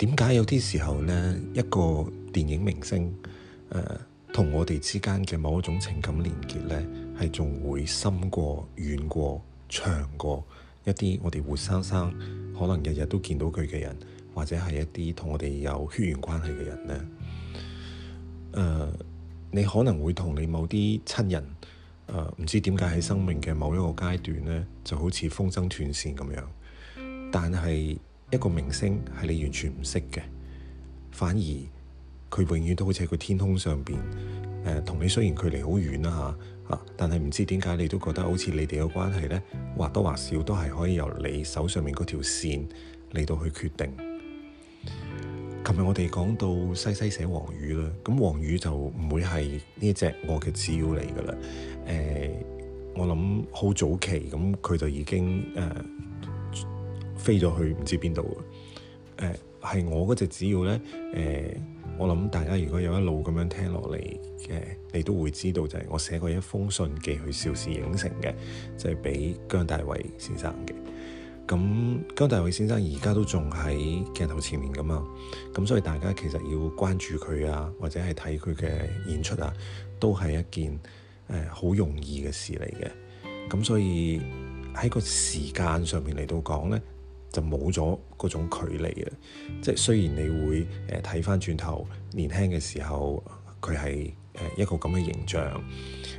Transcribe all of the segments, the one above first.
點解有啲時候呢，一個電影明星、呃、同我哋之間嘅某一種情感連結呢，係仲會深過遠過長過一啲我哋活生生可能日日都見到佢嘅人，或者係一啲同我哋有血緣關係嘅人呢？呃，你可能會同你某啲親人呃、唔知點解喺生命嘅某一個階段呢，就好似風箏斷線咁樣，但係，一個明星係你完全唔識嘅，反而佢永遠都好似喺個天空上邊同、呃、你雖然距離好遠啦嚇、啊、但係唔知點解你都覺得好似你哋嘅關係呢，或多或少都係可以由你手上面嗰條線嚟到去決定。琴日我哋講到西西寫黃宇啦，咁黃宇就唔會係呢隻我嘅招嚟噶啦。我諗好早期咁，佢就已經、呃飛咗去唔知邊度嘅，係、呃、我嗰隻。只要呢。呃、我諗大家如果有一路咁樣聽落嚟你都會知道就係我寫過一封信寄去邵氏影城嘅，就係、是、俾姜大衛先生嘅。咁、嗯、姜大衛先生而家都仲喺鏡頭前面噶嘛，咁、嗯、所以大家其實要關注佢啊，或者係睇佢嘅演出啊，都係一件好、嗯、容易嘅事嚟嘅。咁、嗯、所以喺個時間上面嚟到講呢。就冇咗嗰種距離啊！即係雖然你會誒睇返轉頭年輕嘅時候，佢係誒一個咁嘅形象、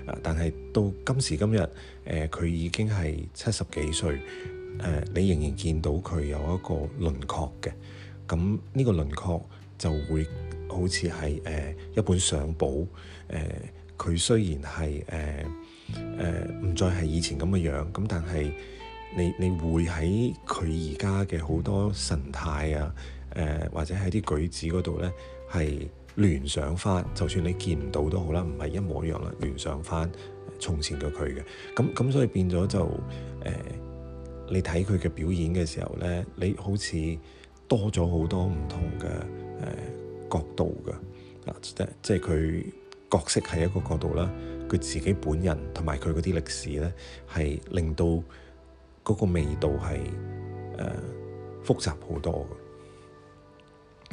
啊、但係到今時今日誒，佢、呃、已經係七十幾歲誒、呃，你仍然見到佢有一個輪廓嘅。咁呢個輪廓就會好似係誒一本相簿誒，佢、呃、雖然係誒誒唔再係以前咁嘅樣，咁但係。你你會喺佢而家嘅好多神態啊，誒、呃、或者喺啲舉止嗰度咧，係聯想翻，就算你見唔到都好啦，唔係一模一樣啦，聯想翻從前嘅佢嘅，咁咁所以變咗就誒、呃，你睇佢嘅表演嘅時候咧，你好似多咗好多唔同嘅誒、呃、角度㗎，啊即即係佢角色係一個角度啦，佢自己本人同埋佢嗰啲歷史咧係令到。嗰個味道係誒、呃、複雜好多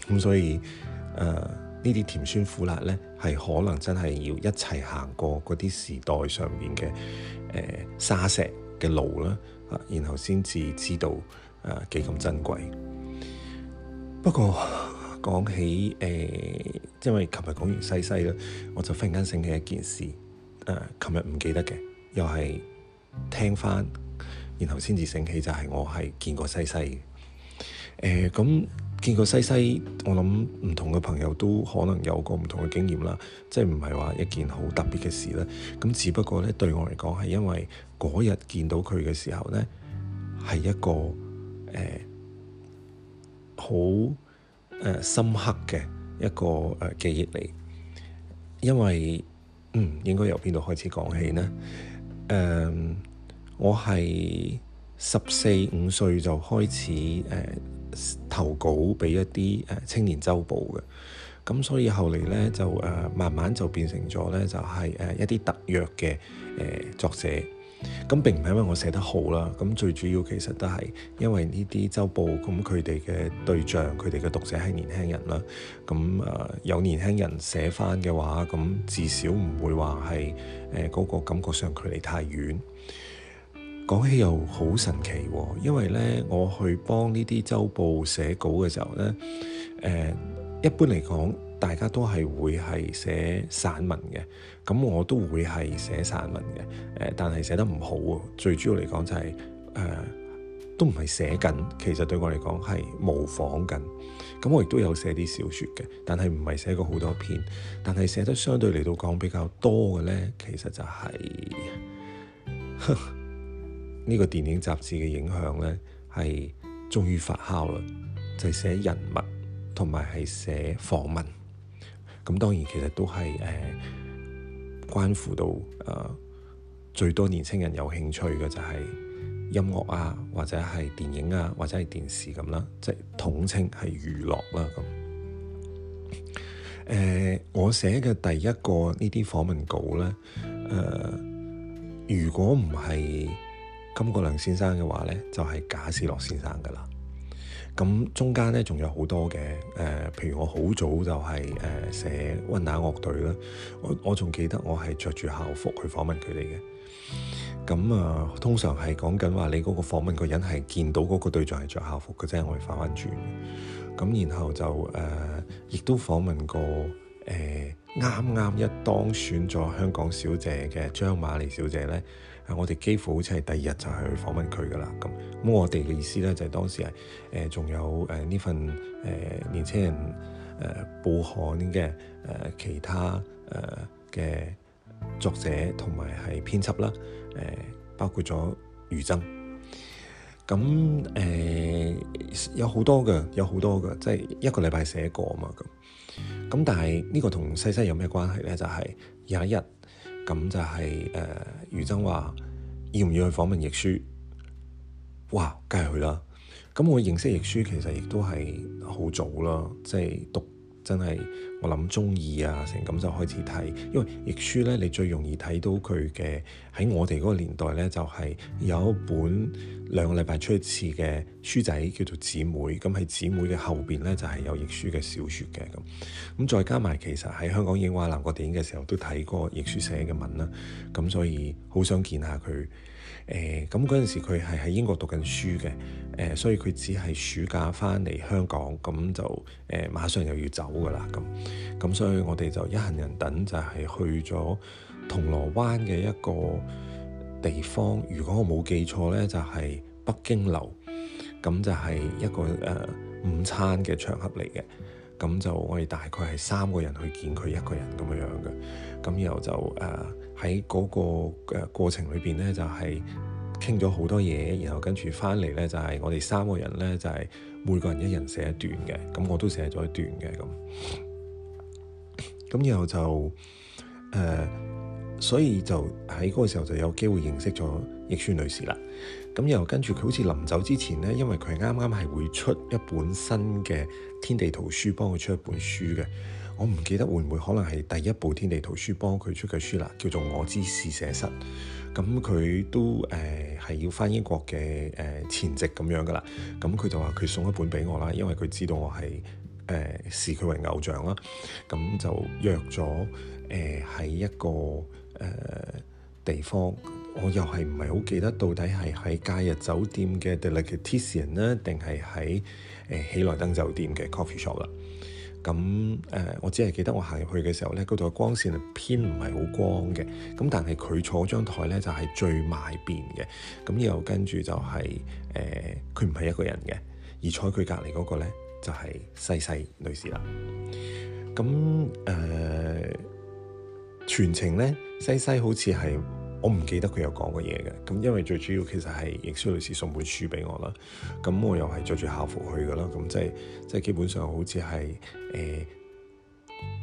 嘅，咁所以呢啲、呃、甜酸苦辣呢，係可能真係要一齊行過嗰啲時代上面嘅、呃、沙石嘅路啦、啊，然後先至知道誒幾咁珍貴。不過講起誒、呃，因為琴日講完西西啦，我就忽然間醒起一件事，誒、呃，琴日唔記得嘅，又係聽翻。然後先至醒起，就係、是、我係見過西西嘅。誒、呃，咁見過西西，我諗唔同嘅朋友都可能有過唔同嘅經驗啦。即係唔係話一件好特別嘅事咧？咁只不過咧，對我嚟講係因為嗰日見到佢嘅時候咧，係一個誒好誒深刻嘅一個誒、呃、記憶嚟。因為嗯，應該由邊度開始講起咧？誒、呃。我係十四五歲就開始誒、呃、投稿俾一啲誒青年周報嘅，咁所以後嚟咧就誒、呃、慢慢就變成咗咧就係、是、誒一啲特約嘅誒作者。咁並唔係因為我寫得好啦，咁最主要其實都係因為呢啲周報咁，佢哋嘅對象，佢哋嘅讀者係年輕人啦。咁誒、呃、有年輕人寫翻嘅話，咁至少唔會話係誒嗰個感覺上距離太遠。講起又好神奇喎、哦，因為咧，我去幫呢啲週報寫稿嘅時候咧，誒、嗯，一般嚟講，大家都係會係寫散文嘅，咁、嗯、我都會係寫散文嘅，誒、嗯，但係寫得唔好啊。最主要嚟講就係、是、誒、嗯，都唔係寫緊，其實對我嚟講係模仿緊。咁、嗯、我亦都有寫啲小說嘅，但係唔係寫過好多篇，但係寫得相對嚟到講比較多嘅咧，其實就係、是。呵呵。呢個電影雜誌嘅影響呢，係終於發酵啦，就係寫人物同埋係寫訪問。咁當然其實都係誒關乎到誒最多年青人有興趣嘅就係音樂啊，或者係電影啊，或者係電視咁啦，即係統稱係娛樂啦咁。誒，我寫嘅第一個呢啲訪問稿呢，誒，如果唔係。金國良先生嘅話呢，就係、是、賈斯洛先生噶啦。咁中間呢，仲有好多嘅誒、呃，譬如我好早就係、是、誒、呃、寫温拿樂隊啦。我我仲記得我係着住校服去訪問佢哋嘅。咁啊、呃，通常係講緊話你嗰個訪問個人係見到嗰個對象係着校服嘅啫，我哋翻翻轉。咁然後就誒，亦、呃、都訪問過誒啱啱一當選咗香港小姐嘅張瑪莉小姐呢。我哋幾乎好似係第二日就去訪問佢噶啦，咁咁我哋嘅意思咧就係、是、當時係誒仲有誒呢份誒、呃、年輕人誒、呃、報刊嘅誒、呃、其他誒嘅、呃、作者同埋係編輯啦，誒、呃、包括咗余真，咁誒、呃、有好多嘅有好多嘅，即、就、係、是、一個禮拜寫一個啊嘛，咁咁但係呢個同西西有咩關係咧？就係、是、有一日。咁就係誒余真話要唔要去訪問亦舒？哇，梗係去啦！咁我認識亦舒其實亦都係好早啦，即係讀。真係我諗中意啊，成咁就開始睇，因為亦舒呢，你最容易睇到佢嘅喺我哋嗰個年代呢，就係有一本兩個禮拜出一次嘅書仔叫做《姊妹》，咁喺《姊妹》嘅後邊呢，就係有亦舒嘅小説嘅咁，咁再加埋其實喺香港影畫南國電影嘅時候都睇過亦舒寫嘅文啦，咁所以好想見下佢。誒咁嗰陣時佢係喺英國讀緊書嘅，誒、呃、所以佢只係暑假翻嚟香港，咁就誒、呃、馬上又要走㗎喇，咁咁所以我哋就一行人等就係去咗銅鑼灣嘅一個地方，如果我冇記錯咧，就係、是、北京樓，咁就係一個誒、呃、午餐嘅場合嚟嘅，咁就我哋大概係三個人去見佢一個人咁樣樣嘅。咁然後就誒喺嗰個嘅、呃、過程裏邊咧，就係傾咗好多嘢，然後跟住翻嚟咧，就係、是、我哋三個人咧，就係、是、每個人一人寫一段嘅，咁我都寫咗一段嘅咁。咁然後就誒、呃，所以就喺嗰個時候就有機會認識咗亦舒女士啦。咁然後跟住佢好似臨走之前咧，因為佢啱啱係會出一本新嘅天地圖書，幫佢出一本書嘅。我唔記得會唔會可能係第一部天地圖書幫佢出嘅書啦，叫做《我之是寫實》。咁佢都誒係、呃、要翻英國嘅誒、呃、前夕咁樣噶啦。咁佢就話佢送一本俾我啦，因為佢知道我係誒、呃、視佢為偶像啦。咁就約咗誒喺一個誒、呃、地方，我又係唔係好記得到底係喺假日酒店嘅 Delicatessen 呢，定係喺誒喜來登酒店嘅 Coffee Shop 啦？咁誒、嗯，我只係記得我行入去嘅時候咧，嗰度嘅光線係偏唔係好光嘅。咁但係佢坐張枱咧就係、是、最埋邊嘅。咁又跟住就係、是、誒，佢唔係一個人嘅，而坐佢隔離嗰個咧就係、是、西西女士啦。咁誒、呃，全程咧西西好似係。我唔記得佢有講過嘢嘅，咁因為最主要其實係亦舒女士送本書俾我啦。咁我又係着住校服去㗎啦，咁即係即係基本上好似係誒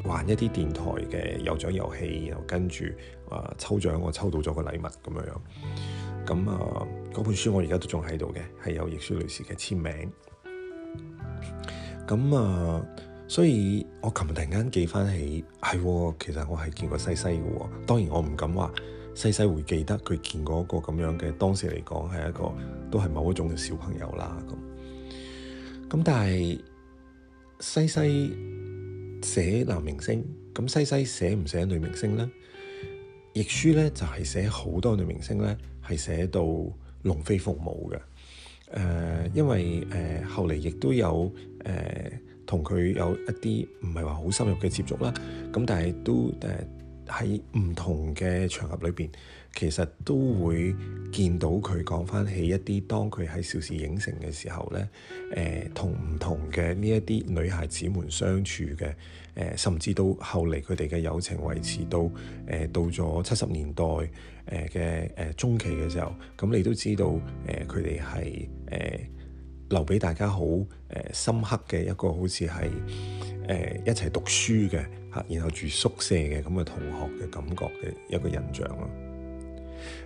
玩一啲電台嘅有獎遊戲，然後跟住啊抽獎，我抽到咗個禮物咁樣樣。咁啊，嗰本書我而家都仲喺度嘅，係有亦舒女士嘅簽名。咁啊，所以我琴日突然間記翻起係，其實我係見過西西嘅喎。當然我唔敢話。西西會記得佢見過一個咁樣嘅，當時嚟講係一個都係某一種嘅小朋友啦。咁咁但係西西寫男明星，咁西西寫唔寫女明星咧？亦舒咧就係、是、寫好多女明星咧，係寫到龍飛鳳舞嘅。誒、呃，因為誒、呃、後嚟亦都有誒同佢有一啲唔係話好深入嘅接觸啦。咁但係都誒。喺唔同嘅場合裏邊，其實都會見到佢講翻起一啲當佢喺邵氏影城嘅時候呢誒、呃、同唔同嘅呢一啲女孩子們相處嘅，誒、呃、甚至到後嚟佢哋嘅友情維持到誒、呃、到咗七十年代嘅誒、呃呃、中期嘅時候，咁你都知道誒佢哋係誒留俾大家好深刻嘅一個好似係誒一齊讀書嘅。然後住宿舍嘅咁嘅同學嘅感覺嘅一個印象咯，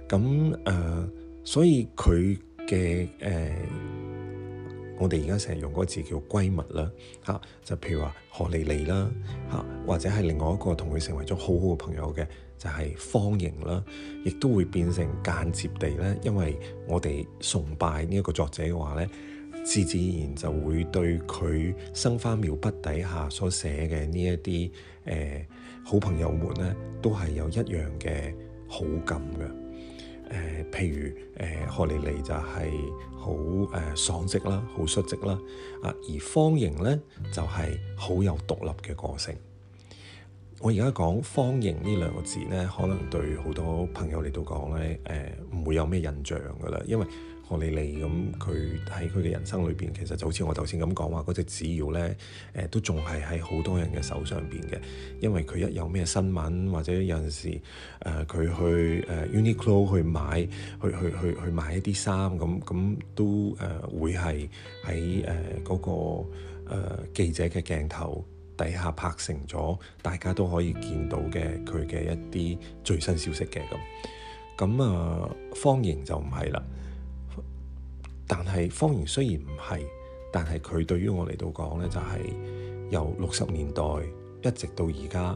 咁誒、呃，所以佢嘅、誒，我哋而家成日用嗰個字叫閨蜜啦，吓、啊、就是、譬如話何莉莉啦，吓、啊、或者係另外一個同佢成為咗好好嘅朋友嘅，就係、是、方盈啦、啊，亦都會變成間接地咧，因為我哋崇拜呢一個作者嘅話咧。自自然就會對佢生花妙筆底下所寫嘅呢一啲誒好朋友們咧，都係有一樣嘅好感嘅、呃。譬如誒何莉莉就係好誒爽直啦，好率直啦、啊。而方盈咧就係、是、好有獨立嘅個性。我而家講方盈呢兩個字咧，可能對好多朋友嚟到講咧，誒、呃、唔會有咩印象噶啦，因為。我何莉莉咁，佢喺佢嘅人生裏邊，其實就好似我頭先咁講話嗰隻紙鷂咧，誒、呃、都仲係喺好多人嘅手上邊嘅。因為佢一有咩新聞，或者有陣時誒佢、呃、去誒、呃、Uniqlo 去買去去去去買一啲衫咁，咁都誒、呃、會係喺誒嗰個誒、呃、記者嘅鏡頭底下拍成咗，大家都可以見到嘅佢嘅一啲最新消息嘅咁咁啊。方盈就唔係啦。但係方盈雖然唔係，但係佢對於我嚟到講咧，就係、是、由六十年代一直到而家，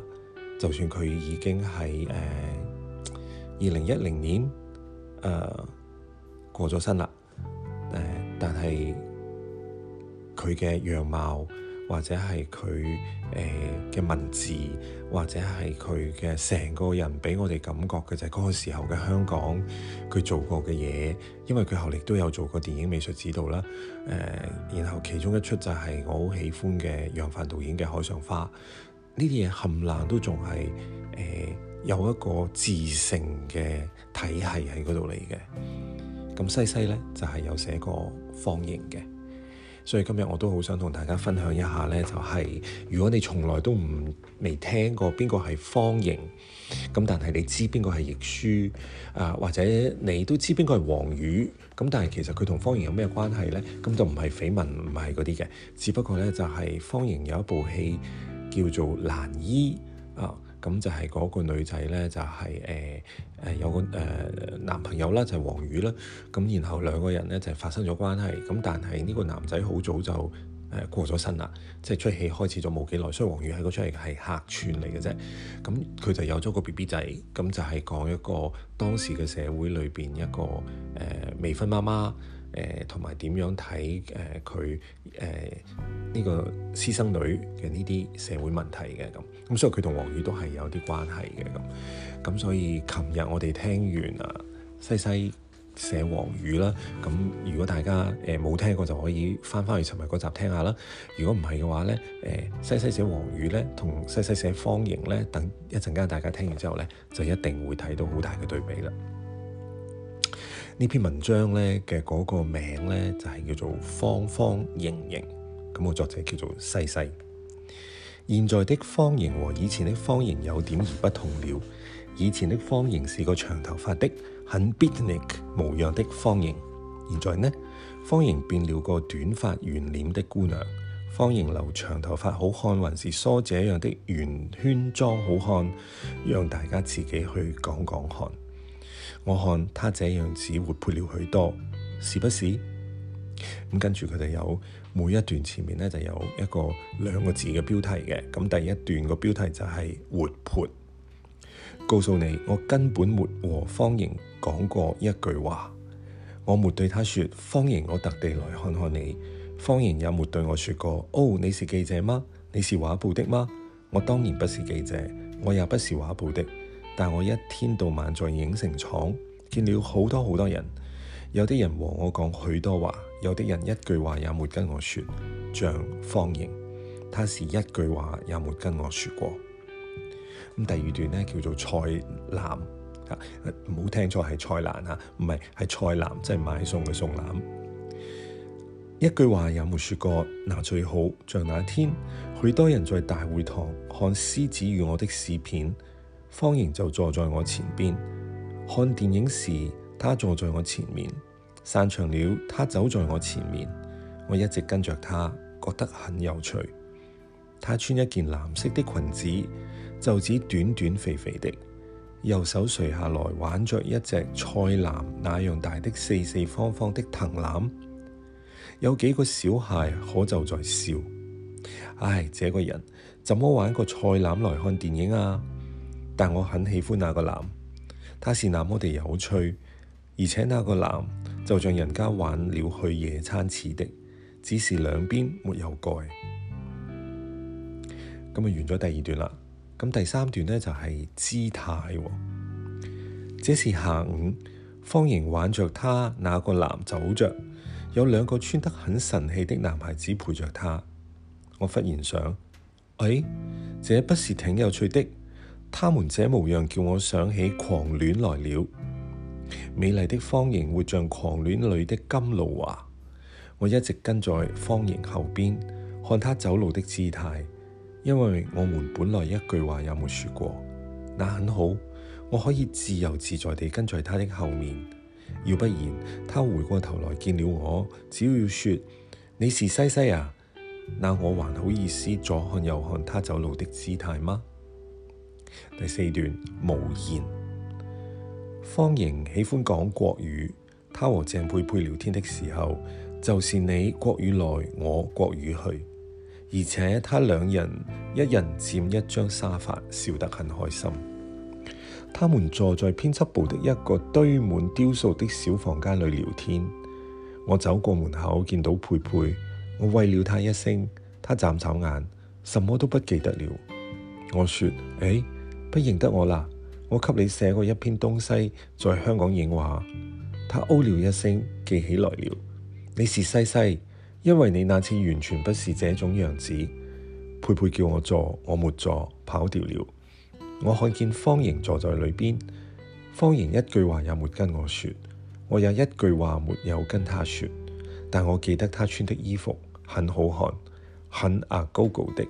就算佢已經係誒二零一零年誒、uh，過咗身啦，誒、uh，但係佢嘅樣貌，或者係佢誒嘅文字，或者係佢嘅成個人俾我哋感覺嘅就係、是、嗰個時候嘅香港佢做過嘅嘢，因為佢後嚟都有做過電影美術指導啦，誒、呃，然後其中一出就係我好喜歡嘅楊凡導演嘅《海上花》，呢啲嘢冚唪唥都仲係誒有一個自成嘅體系喺嗰度嚟嘅，咁西西咧就係、是、有寫過方盈嘅。所以今日我都好想同大家分享一下呢、就是，就係如果你從來都唔未聽過邊個係方盈，咁但係你知邊個係亦舒或者你都知邊個係黃宇，咁但係其實佢同方盈有咩關係呢？咁就唔係緋聞，唔係嗰啲嘅，只不過呢，就係方盈有一部戲叫做《蘭姨》啊、哦。咁就係嗰個女仔咧，就係誒誒有個誒、呃、男朋友啦，就係、是、黃宇啦。咁然後兩個人咧就是、發生咗關係，咁但係呢個男仔好早就誒、呃、過咗身啦，即係出戲開始咗冇幾耐，所以黃宇喺個出戲係客串嚟嘅啫。咁佢就有咗個 B B 仔，咁就係講一個當時嘅社會裏邊一個誒、呃、未婚媽媽。誒同埋點樣睇誒佢誒呢個私生女嘅呢啲社會問題嘅咁，咁、嗯、所以佢同黃宇都係有啲關係嘅咁，咁、嗯、所以琴日我哋聽完啊西西寫黃宇啦，咁如果大家誒冇、呃、聽過就可以返返去尋日嗰集聽下啦。如果唔係嘅話咧，誒、呃、西西寫黃宇咧同西西寫方盈咧，等一陣間大家聽完之後咧，就一定會睇到好大嘅對比啦。呢篇文章咧嘅嗰個名咧就係、是、叫做方方盈盈，咁個作者叫做西西。現在的方盈和以前的方盈有點兒不同了。以前的方盈是個長頭髮的、很別緻模樣的方盈。現在呢，方盈變了個短發圓臉的姑娘。方盈留長頭髮好看，還是梳這樣的圓圈妝好看？讓大家自己去講講看。我看他這樣子活潑了許多，是不是？跟住佢哋有每一段前面呢，就有一個兩個字嘅標題嘅，咁第一段個標題就係活潑，告訴你我根本沒和方盈講過一句話，我沒對他說方盈，我特地來看看你，方盈也沒對我說過，哦，你是記者嗎？你是畫報的嗎？我當然不是記者，我也不是畫報的。但我一天到晚在影城廠見了好多好多人，有啲人和我講許多話，有啲人一句話也沒跟我說，像方盈，他是一句話也沒跟我說過。第二段咧叫做菜籃吓，唔、啊、好、啊、聽錯係菜籃吓，唔係係菜籃，即係、就是、買餸嘅餸籃，一句話也沒說過嗱、啊。最好像那天，許多人在大會堂看《獅子與我》的視片。方盈就坐在我前邊，看電影時他坐在我前面，散場了他走在我前面，我一直跟着他，覺得很有趣。他穿一件藍色的裙子，袖子短短肥肥的，右手垂下來挽着一隻菜籃那樣大的四四方方的藤籃。有幾個小孩可就在笑，唉，這個人怎麼玩個菜籃來看電影啊？但我很喜歡那個籃，他是那麼的有趣，而且那個籃就像人家玩了去野餐似的，只是兩邊沒有蓋。咁啊，完咗第二段啦。咁第三段呢，就係、是、姿態、哦。這是下午，方盈挽着他那個籃走着，有兩個穿得很神氣的男孩子陪着他。我忽然想，誒、哎，這不是挺有趣的？他們這模樣叫我想起狂戀來了，美麗的方盈活像狂戀裏的金露華。我一直跟在方盈後邊，看她走路的姿態，因為我們本來一句話也沒有說過。那很好，我可以自由自在地跟在她的後面。要不然她回過頭來見了我，只要要說你是西西啊，那我還好意思左看右看她走路的姿態嗎？第四段無言。方盈喜歡講國語，她和鄭佩佩聊天的時候，就是你國語來，我國語去。而且他兩人一人佔一張沙發，笑得很開心。他們坐在編輯部的一個堆滿雕塑的小房間裏聊天。我走過門口見到佩佩，我喂了她一聲，她眨眨眼，什麼都不記得了。我說：誒、欸。不認得我啦！我給你寫過一篇東西，在香港影畫。他哦了一聲，記起來了。你是西西，因為你那次完全不是這種樣子。佩佩叫我坐，我沒坐，跑掉了。我看見方盈坐在裏邊，方盈一句話也沒跟我說，我也一句話沒有跟她說。但我記得她穿的衣服很好看，很阿高高的。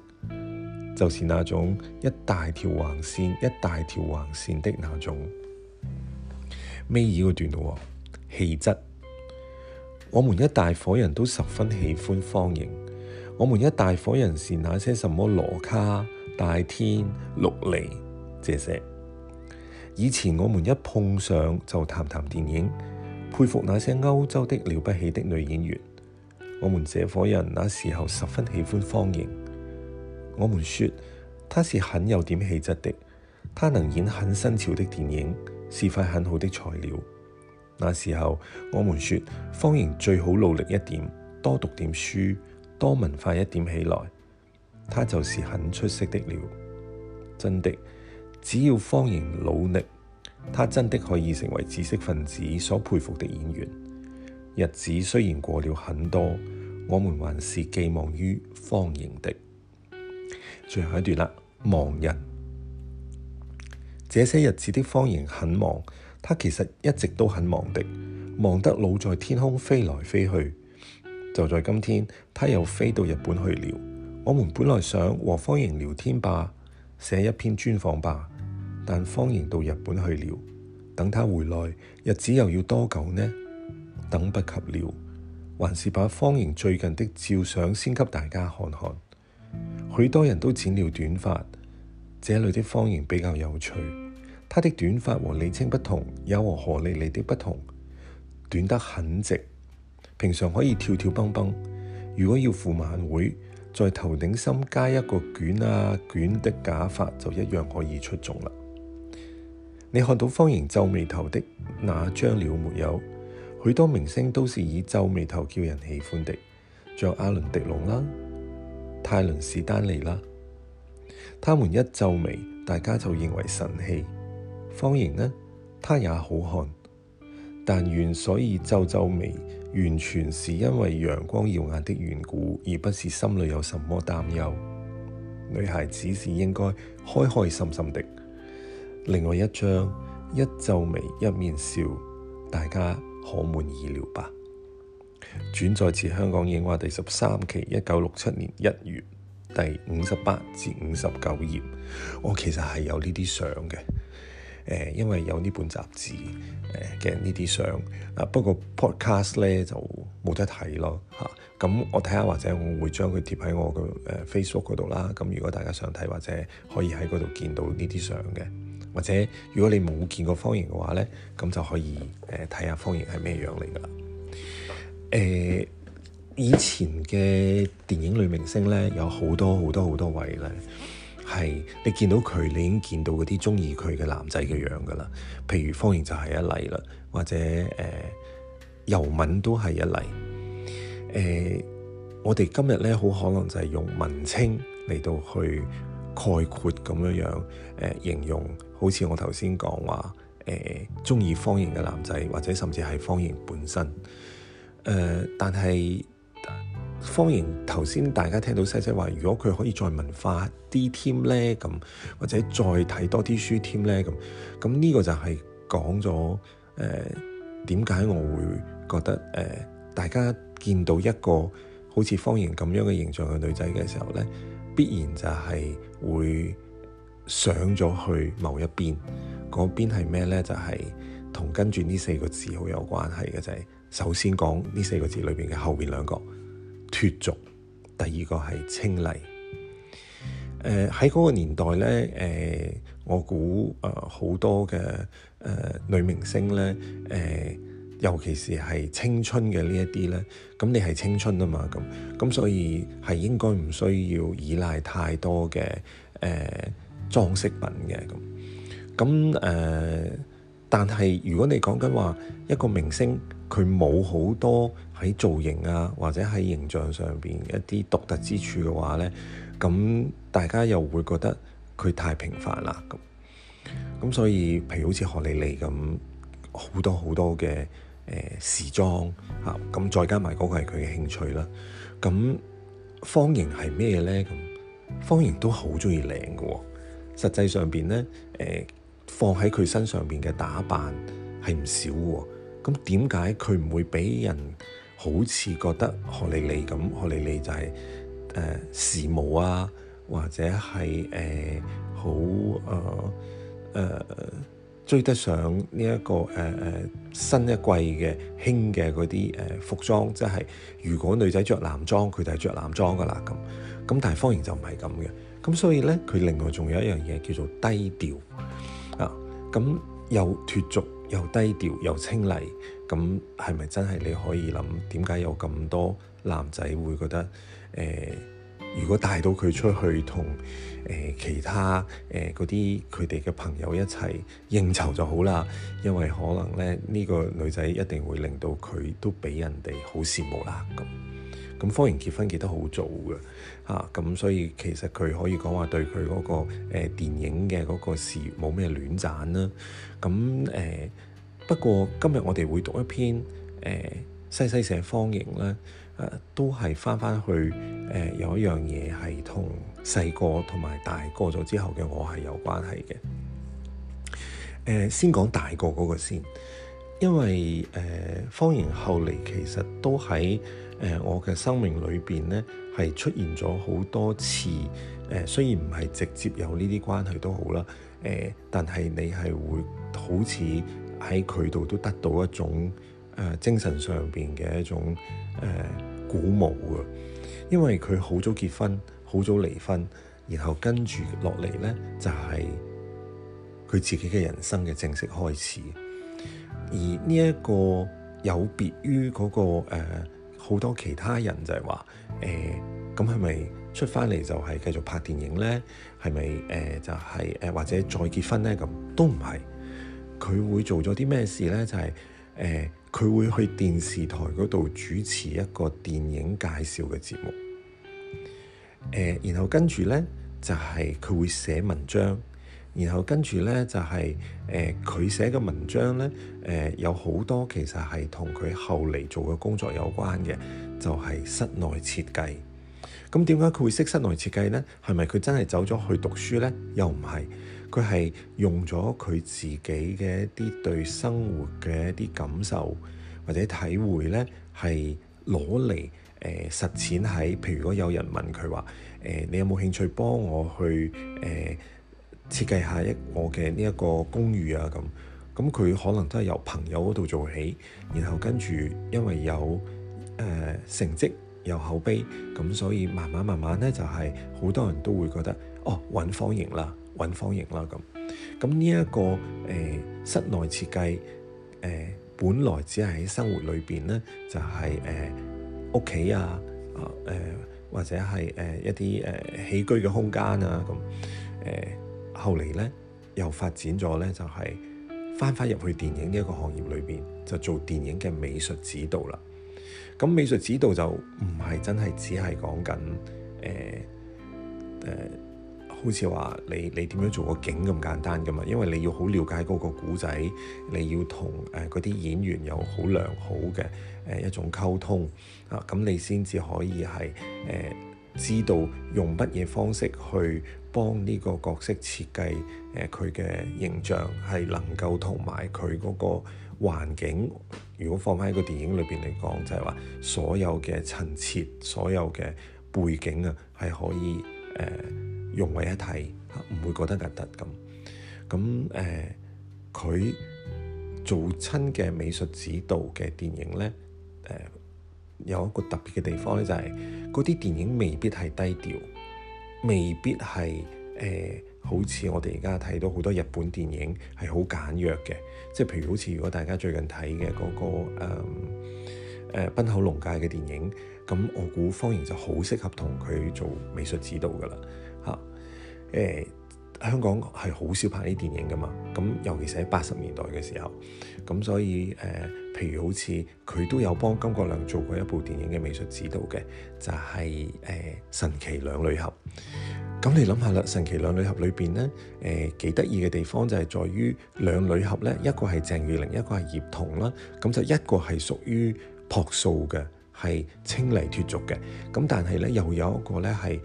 就是那種一大條橫線、一大條橫線的那種尾腰段咯，氣質。我們一大伙人都十分喜歡方盈。我們一大伙人是那些什麼羅卡、戴天、陸離這些。以前我們一碰上就談談電影，佩服那些歐洲的了不起的女演員。我們這伙人那時候十分喜歡方盈。我們說他是很有點氣質的，他能演很新潮的電影，是塊很好的材料。那時候我們說方盈最好努力一點，多讀點書，多文化一點起來，他就是很出色的了。真的，只要方盈努力，他真的可以成為知識分子所佩服的演員。日子雖然過了很多，我們還是寄望於方盈的。最後一段啦，忙人。這些日子的方盈很忙，他其實一直都很忙的，忙得老在天空飛來飛去。就在今天，他又飛到日本去了。我們本來想和方盈聊天吧，寫一篇專訪吧，但方盈到日本去了，等他回來，日子又要多久呢？等不及了，還是把方盈最近的照相先給大家看看。許多人都剪了短髮，這裏的方盈比較有趣。他的短髮和李菁不同，也和何莉莉的不同，短得很直。平常可以跳跳蹦蹦，如果要赴晚會，在頭頂心加一個捲啊捲的假髮就一樣可以出眾啦。你看到方盈皺眉頭的那張了沒有？許多明星都是以皺眉頭叫人喜歡的，像阿倫狄龍啦。泰倫士丹利啦，他們一皺眉，大家就認為神氣。方盈呢，他也好看，但原所以皺皺眉，完全是因為陽光耀眼的緣故，而不是心裏有什麼擔憂。女孩子是應該開開心心的。另外一張，一皺眉一面笑，大家可滿意了吧？轉載自《香港影畫》第十三期，一九六七年一月，第五十八至五十九頁。我其實係有呢啲相嘅，誒，因為有呢本雜誌，誒嘅呢啲相。啊，不過 Podcast 咧就冇得睇咯，吓。咁我睇下或者我會將佢貼喺我嘅誒 Facebook 嗰度啦。咁如果大家想睇或者可以喺嗰度見到呢啲相嘅，或者如果你冇見過方盈嘅話咧，咁就可以誒睇下方盈係咩樣嚟噶啦。誒、uh, 以前嘅電影女明星咧，有好多好多好多位啦，係你見到佢，你已經見到嗰啲中意佢嘅男仔嘅樣噶啦。譬如方盈就係一例啦，或者誒尤敏都係一例。誒、uh，我哋今日咧好可能就係用文青嚟到去概括咁樣樣，誒、uh, 形容好似我頭先講話，誒中意方盈嘅男仔，或者甚至係方盈本身。誒、呃，但係方盈頭先大家聽到西西話，如果佢可以再文化啲添咧，咁或者再睇多啲書添咧，咁咁呢個就係講咗誒點解我會覺得誒、呃、大家見到一個好似方盈咁樣嘅形象嘅女仔嘅時候咧，必然就係會上咗去某一邊，嗰邊係咩咧？就係、是、同跟住呢四個字好有關係嘅就係、是。首先講呢四個字裏面嘅後面兩個脫俗，第二個係清麗。誒喺嗰個年代咧，誒、呃、我估啊好多嘅誒、呃、女明星咧，誒、呃、尤其是係青春嘅呢一啲咧，咁你係青春啊嘛，咁咁所以係應該唔需要依賴太多嘅誒、呃、裝飾品嘅咁咁誒。但係如果你講緊話一個明星，佢冇好多喺造型啊，或者喺形象上邊一啲獨特之處嘅話咧，咁大家又會覺得佢太平凡啦。咁咁所以譬如好似何莉莉咁，好多好多嘅誒、呃、時裝嚇，咁、嗯、再加埋嗰個係佢嘅興趣啦。咁、嗯、方盈係咩咧？咁方盈都好中意靚嘅喎。實際上邊咧誒，放喺佢身上邊嘅打扮係唔少咁點解佢唔會俾人好似覺得何莉莉咁何莉莉就係、是、誒、呃、時髦啊，或者係誒、呃、好誒誒、呃、追得上呢、這、一個誒誒、呃、新一季嘅興嘅嗰啲誒服裝？即係如果女仔着男裝，佢就係着男裝噶啦咁。咁但係方盈就唔係咁嘅。咁所以咧，佢另外仲有一樣嘢叫做低調啊，咁又脫俗。又低調又清麗，咁係咪真係你可以諗點解有咁多男仔會覺得誒、呃？如果帶到佢出去同誒、呃、其他誒嗰啲佢哋嘅朋友一齊應酬就好啦，因為可能咧呢、呢個女仔一定會令到佢都俾人哋好羨慕啦咁。咁方盈結婚結得好早嘅嚇，咁、啊、所以其實佢可以講話對佢嗰、那個誒、呃、電影嘅嗰個事冇咩戀棧啦。咁誒、呃、不過今日我哋會讀一篇誒西西寫方盈啦，誒、呃、都係翻翻去誒、呃、有一樣嘢係同細個同埋大個咗之後嘅我係有關係嘅。誒、呃、先講大個嗰個先。因為誒、呃，方盈後嚟其實都喺誒、呃、我嘅生命裏邊呢，係出現咗好多次。誒、呃，雖然唔係直接有呢啲關係都好啦。誒、呃，但係你係會好似喺佢度都得到一種、呃、精神上邊嘅一種鼓舞啊。因為佢好早結婚，好早離婚，然後跟住落嚟呢，就係、是、佢自己嘅人生嘅正式開始。而呢一個有別於嗰個誒，好多其他人就係話，誒，咁係咪出翻嚟就係繼續拍電影咧？係咪誒，就係誒，或者再結婚咧？咁都唔係，佢會做咗啲咩事咧？就係誒，佢會去電視台嗰度主持一個電影介紹嘅節目，誒，然後跟住咧，就係佢會寫文章。然後跟住呢，就係佢寫嘅文章呢，呃、有好多其實係同佢後嚟做嘅工作有關嘅，就係、是、室內設計。咁點解佢會識室內設計呢？係咪佢真係走咗去讀書呢？又唔係，佢係用咗佢自己嘅一啲對生活嘅一啲感受，或者體會呢，係攞嚟誒實踐喺。譬如，如果有人問佢話、呃、你有冇興趣幫我去、呃設計一下一我嘅呢一個公寓啊，咁，咁佢可能都係由朋友嗰度做起，然後跟住因為有誒、呃、成績有口碑，咁所以慢慢慢慢咧就係、是、好多人都會覺得哦揾方盈啦，揾方盈啦咁。咁呢一個誒、呃、室內設計誒，本來只係喺生活裏邊咧，就係誒屋企啊啊誒、呃，或者係誒一啲誒起居嘅空間啊咁誒。後嚟咧，又發展咗咧，就係翻返入去電影呢一個行業裏邊，就做電影嘅美術指導啦。咁、嗯、美術指導就唔係真係只係講緊誒誒，好似話你你點樣做個景咁簡單噶嘛？因為你要好了解嗰個古仔，你要同誒嗰啲演員有好良好嘅誒、呃、一種溝通啊，咁、嗯、你先至可以係誒、呃、知道用乜嘢方式去。幫呢個角色設計，誒佢嘅形象係能夠同埋佢嗰個環境，如果放喺個電影裏邊嚟講，就係、是、話所有嘅陳設、所有嘅背景啊，係可以融、呃、為一體，唔會覺得突兀咁。咁誒佢做親嘅美術指導嘅電影呢，誒、呃、有一個特別嘅地方呢就係嗰啲電影未必係低調。未必係誒、呃，好似我哋而家睇到好多日本電影係好簡約嘅，即係譬如好似如果大家最近睇嘅嗰個誒濱、嗯呃、口龍介」嘅電影，咁我估方盈就好適合同佢做美術指導㗎喇吓誒。啊呃香港係好少拍呢啲電影噶嘛，咁尤其是喺八十年代嘅時候，咁所以誒、呃，譬如好似佢都有幫金國亮做過一部電影嘅美術指導嘅，就係、是、誒、呃《神奇兩女俠》。咁你諗下啦，《神奇兩女俠》裏邊咧，誒幾得意嘅地方就係在於兩女俠咧，一個係鄭裕玲，一個係葉童啦。咁就一個係屬於樸素嘅，係清麗脱俗嘅。咁但係咧，又有一個咧係。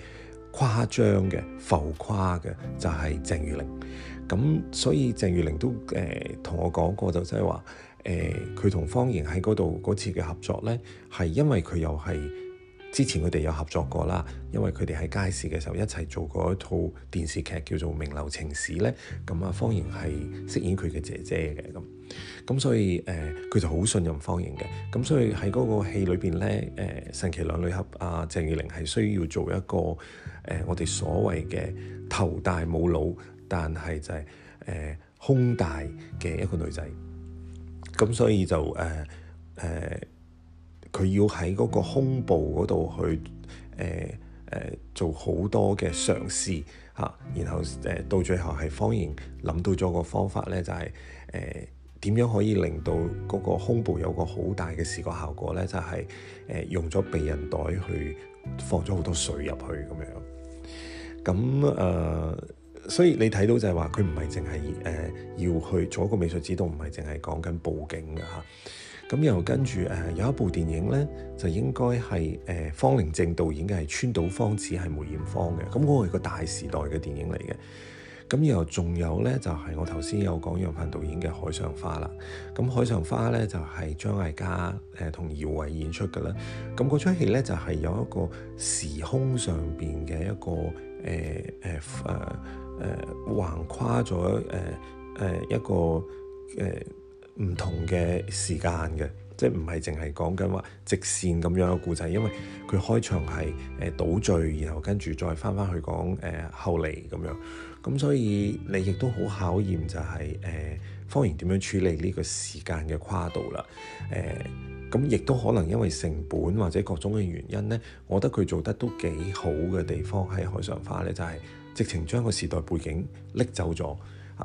誇張嘅、浮誇嘅就係鄭裕玲，咁所以鄭裕玲都誒同、呃、我講過，就即係話誒佢同方盈喺嗰度嗰次嘅合作咧，係因為佢又係。之前佢哋有合作過啦，因為佢哋喺街市嘅時候一齊做過一套電視劇叫做《名流情史》咧，咁啊方盈係飾演佢嘅姐姐嘅咁，咁所以誒佢、呃、就好信任方盈嘅，咁所以喺嗰個戲裏邊咧誒神奇兩女俠阿鄭、啊、裕玲係需要做一個誒、呃、我哋所謂嘅頭大冇腦，但係就係誒胸大嘅一個女仔，咁所以就誒誒。呃呃佢要喺嗰個胸部嗰度去誒誒、呃呃、做好多嘅嘗試嚇、啊，然後誒、呃、到最後係，方盈諗到咗個方法咧，就係誒點樣可以令到嗰個胸部有個好大嘅視覺效果咧，就係、是、誒、呃、用咗避孕袋去放咗好多水入去咁樣。咁誒、呃，所以你睇到就係話，佢唔係淨係誒要去做一個美術指導，唔係淨係講緊佈景嘅嚇。啊。咁又跟住誒有一部電影咧，就應該係誒方令正導演嘅係川島芳子係梅艷芳嘅，咁嗰個係個大時代嘅電影嚟嘅。咁然後仲有咧就係、是、我頭先有講楊凡導演嘅《海上花》啦。咁、嗯《海上花呢》咧就係、是、張艾嘉誒同姚煒演出㗎啦。咁嗰出戲咧就係、是、有一個時空上邊嘅一個誒誒誒誒橫跨咗誒誒一個誒。呃唔同嘅時間嘅，即係唔係淨係講緊話直線咁樣嘅故仔，因為佢開場係誒倒敍，然後跟住再翻翻去講誒、呃、後嚟咁樣，咁所以你亦都好考驗就係、是、誒、呃、方盈點樣處理呢個時間嘅跨度啦。誒咁亦都可能因為成本或者各種嘅原因呢，我覺得佢做得都幾好嘅地方喺《海上花》呢，就係、是、直情將個時代背景拎走咗。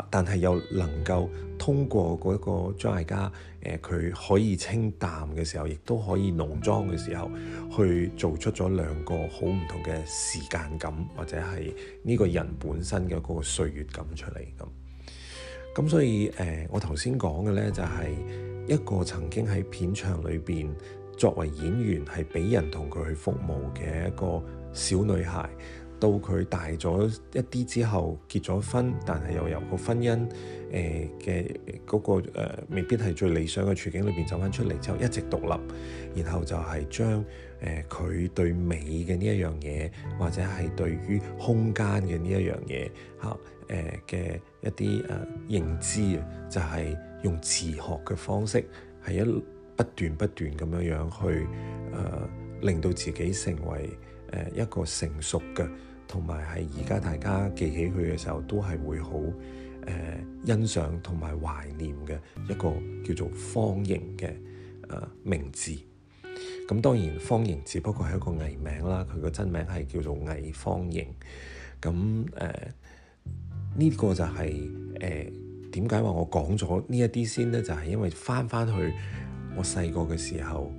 但係又能夠通過嗰一個張艾嘉，誒、呃、佢可以清淡嘅時候，亦都可以濃妝嘅時候，去做出咗兩個好唔同嘅時間感，或者係呢個人本身嘅嗰個歲月感出嚟咁。咁所以誒、呃，我頭先講嘅呢，就係、是、一個曾經喺片場裏邊作為演員，係俾人同佢去服務嘅一個小女孩。到佢大咗一啲之後結咗婚，但係又由個婚姻誒嘅嗰個、呃、未必係最理想嘅處境裏邊走返出嚟之後，一直獨立，然後就係將誒佢、呃、對美嘅呢一樣嘢，或者係對於空間嘅呢、啊欸、一樣嘢嚇誒嘅一啲誒認知啊，就係用自學嘅方式，係一不斷不斷咁樣樣去誒、呃、令到自己成為誒、呃、一個成熟嘅。同埋係而家大家記起佢嘅時候，都係會好誒、呃、欣賞同埋懷念嘅一個叫做方盈嘅誒、呃、名字。咁當然方盈只不過係一個藝名啦，佢個真名係叫做魏方盈。咁誒呢個就係誒點解話我講咗呢一啲先咧？就係、是、因為返返去我細個嘅時候，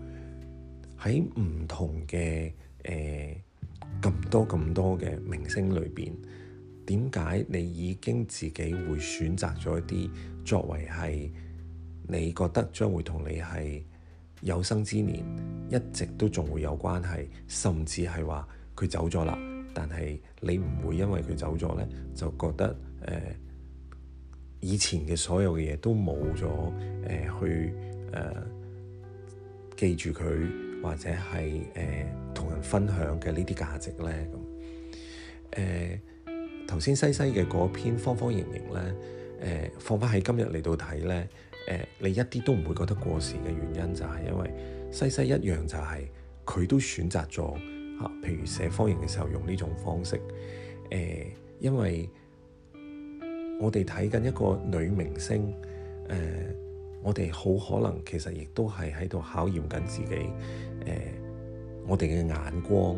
喺唔同嘅誒。咁多咁多嘅明星裏邊，點解你已經自己會選擇咗一啲作為係你覺得將會同你係有生之年一直都仲會有關係，甚至係話佢走咗啦，但係你唔會因為佢走咗咧就覺得誒、呃、以前嘅所有嘅嘢都冇咗誒去誒、呃、記住佢。或者係誒同人分享嘅呢啲價值咧，咁誒，頭先西西嘅嗰篇方方形形咧，誒、呃、放翻喺今日嚟到睇咧，誒你一啲都唔會覺得過時嘅原因就係因為西西一樣就係佢都選擇咗啊，譬如寫方形嘅時候用呢種方式誒、呃，因為我哋睇緊一個女明星誒。呃我哋好可能其實亦都係喺度考驗緊自己，誒、呃，我哋嘅眼光，誒、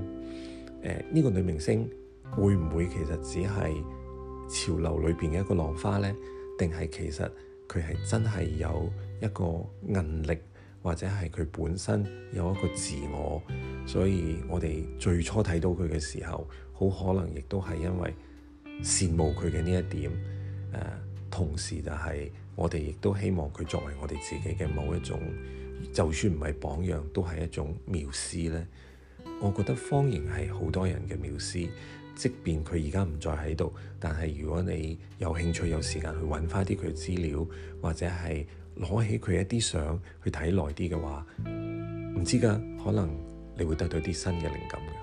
呃，呢個女明星會唔會其實只係潮流裏邊嘅一個浪花呢？定係其實佢係真係有一個韌力，或者係佢本身有一個自我，所以我哋最初睇到佢嘅時候，好可能亦都係因為羨慕佢嘅呢一點，誒、呃，同時就係。我哋亦都希望佢作為我哋自己嘅某一種，就算唔係榜樣，都係一種妙思咧。我覺得方盈係好多人嘅妙思，即便佢而家唔再喺度，但係如果你有興趣、有時間去揾翻啲佢資料，或者係攞起佢一啲相去睇耐啲嘅話，唔知㗎，可能你會得到啲新嘅靈感。